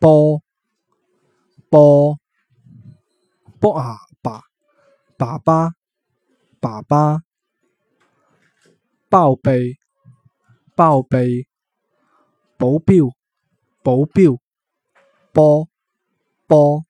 波波，波阿爸，爸爸，爸爸，包庇，包庇，保鏢，保鏢，波波，波，波，波。波。